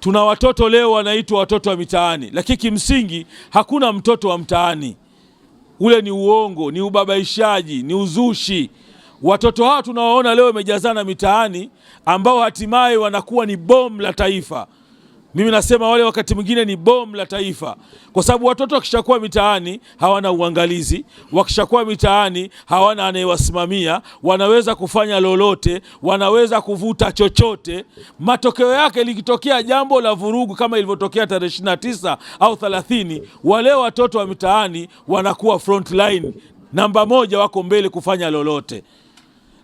Tuna watoto leo wanaitwa watoto wa mitaani, lakini kimsingi hakuna mtoto wa mtaani. Ule ni uongo, ni ubabaishaji, ni uzushi. Watoto hawa tunawaona leo wamejazana mitaani, ambao hatimaye wanakuwa ni bomu la taifa. Mimi nasema wale wakati mwingine ni bomu la taifa, kwa sababu watoto wakishakuwa mitaani hawana uangalizi, wakishakuwa mitaani hawana anayewasimamia, wanaweza kufanya lolote, wanaweza kuvuta chochote. Matokeo yake likitokea jambo la vurugu kama ilivyotokea tarehe ishirini tisa au thelathini, wale watoto wa mitaani wanakuwa front line namba moja, wako mbele kufanya lolote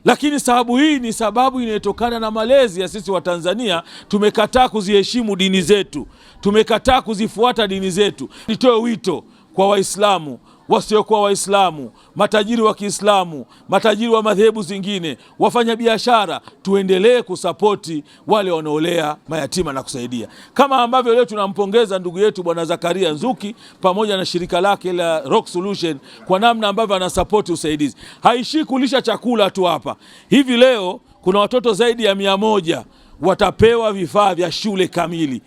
lakini sababu hii ni sababu inayotokana na malezi ya sisi Watanzania. Tumekataa kuziheshimu dini zetu, tumekataa kuzifuata dini zetu. Nitoe wito kwa Waislamu wasiokuwa Waislamu, matajiri wa Kiislamu, matajiri wa madhehebu zingine, wafanya biashara, tuendelee kusapoti wale wanaolea mayatima na kusaidia, kama ambavyo leo tunampongeza ndugu yetu Bwana Zakaria Nzuki pamoja na shirika lake la Rock Solution kwa namna ambavyo anasapoti usaidizi. Haishii kulisha chakula tu hapa. Hivi leo kuna watoto zaidi ya mia moja watapewa vifaa vya shule kamili,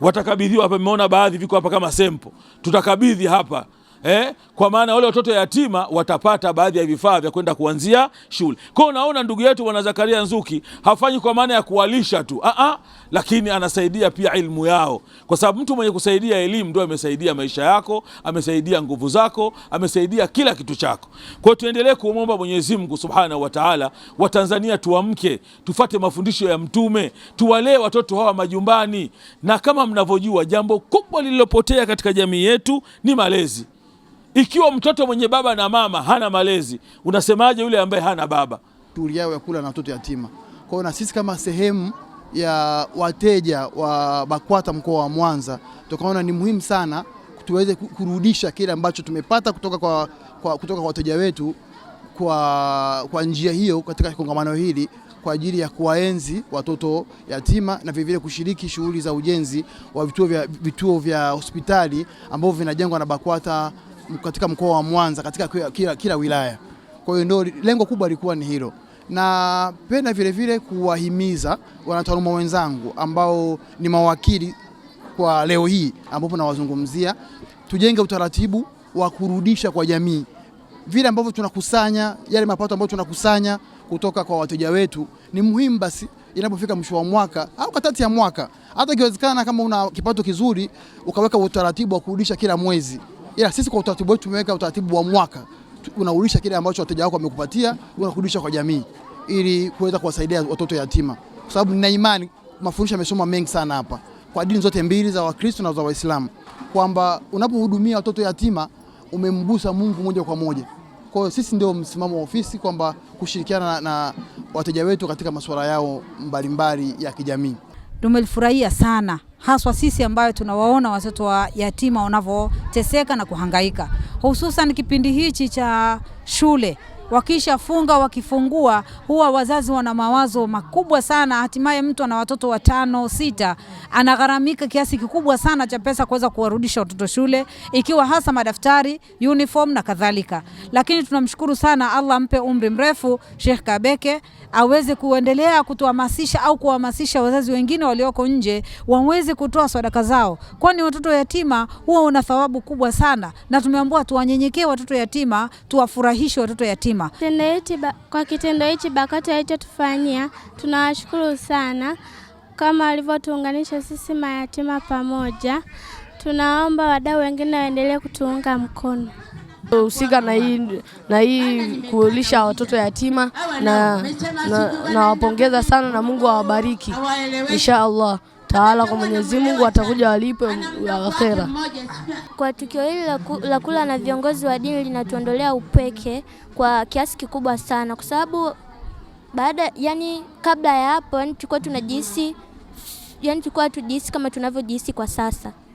watakabidhiwa hapa. Mmeona baadhi viko hapa kama sempo, tutakabidhi hapa eh, kwa maana wale watoto yatima watapata baadhi ya vifaa vya kwenda kuanzia shule. Kwa hiyo unaona ndugu yetu Bwana Zakaria Nzuki hafanyi kwa maana ya kuwalisha tu a ah, a, ah. lakini anasaidia pia elimu yao, kwa sababu mtu mwenye kusaidia elimu ndio amesaidia maisha yako, amesaidia nguvu zako, amesaidia kila kitu chako. Kwa hiyo tuendelee kuomba Mwenyezi Mungu Subhanahu wa Ta'ala, Watanzania tuamke, tufate mafundisho ya Mtume, tuwalee watoto hawa majumbani, na kama mnavyojua jambo kubwa lililopotea katika jamii yetu ni malezi. Ikiwa mtoto mwenye baba na mama hana malezi, unasemaje yule ambaye hana baba? Shughuli yao ya kula na watoto yatima. Kwa hiyo na sisi kama sehemu ya wateja wa BAKWATA mkoa wa Mwanza tukaona ni muhimu sana tuweze kurudisha kile ambacho tumepata kutoka kwa, kwa, kutoka kwa wateja wetu kwa, kwa njia hiyo katika kongamano hili kwa ajili ya kuwaenzi watoto yatima na vilevile kushiriki shughuli za ujenzi wa vituo vya, vituo vya hospitali ambavyo vinajengwa na BAKWATA katika mkoa wa Mwanza katika kila, kila, kila wilaya. Kwa hiyo ndio lengo kubwa lilikuwa ni hilo, na penda vilevile kuwahimiza wanataaluma wenzangu ambao ni mawakili kwa leo hii ambapo nawazungumzia, tujenge utaratibu wa kurudisha kwa jamii vile ambavyo tunakusanya yale mapato ambayo tunakusanya kutoka kwa wateja wetu. Ni muhimu basi inapofika mwisho wa mwaka au katati ya mwaka, hata ikiwezekana, kama una kipato kizuri ukaweka utaratibu wa kurudisha kila mwezi ila sisi kwa utaratibu wetu tumeweka utaratibu wa mwaka, unaulisha kile ambacho wateja wako wamekupatia, unakurudisha kwa jamii ili kuweza kuwasaidia watoto yatima, kwa sababu nina imani mafundisho yamesoma mengi sana hapa kwa dini zote mbili za Wakristo na za Waislamu kwamba unapohudumia watoto yatima umemgusa Mungu moja kwa moja. Kwa hiyo sisi ndio msimamo wa ofisi kwamba kushirikiana na, na wateja wetu katika masuala yao mbalimbali mbali ya kijamii tumelifurahia sana, haswa sisi ambayo tunawaona watoto wa yatima wanavyoteseka na kuhangaika, hususan kipindi hichi cha shule wakishafunga wakifungua, huwa wazazi wana mawazo makubwa sana. Hatimaye mtu ana watoto watano sita, anagharamika kiasi kikubwa sana cha pesa kuweza kuwarudisha watoto shule, ikiwa hasa madaftari, uniform na kadhalika. Lakini tunamshukuru sana Allah, ampe umri mrefu Sheikh Kabeke, aweze kuendelea kutuhamasisha au kuhamasisha wazazi wengine walioko nje waweze kutoa sadaka zao, kwani watoto yatima huwa una thawabu kubwa sana, na tumeambiwa tuwanyenyekee watoto yatima, tuwafurahishe watoto yatima mzima. Kwa kitendo hichi BAKWATA alichotufanyia tunawashukuru sana, kama walivyotuunganisha sisi mayatima pamoja. Tunaomba wadau wengine waendelee kutuunga mkono husika na hii na hii kuulisha watoto yatima, na nawapongeza na sana, na Mungu awabariki insha Allah tawala kwa Mwenyezi Mungu watakuja walipe akhera. Kwa tukio hili la kula na viongozi wa dini linatuondolea upweke kwa kiasi kikubwa sana, kwa sababu baada yani, kabla ya hapo, yani tulikuwa tunajihisi yani tulikuwa tujihisi kama tunavyojihisi kwa sasa.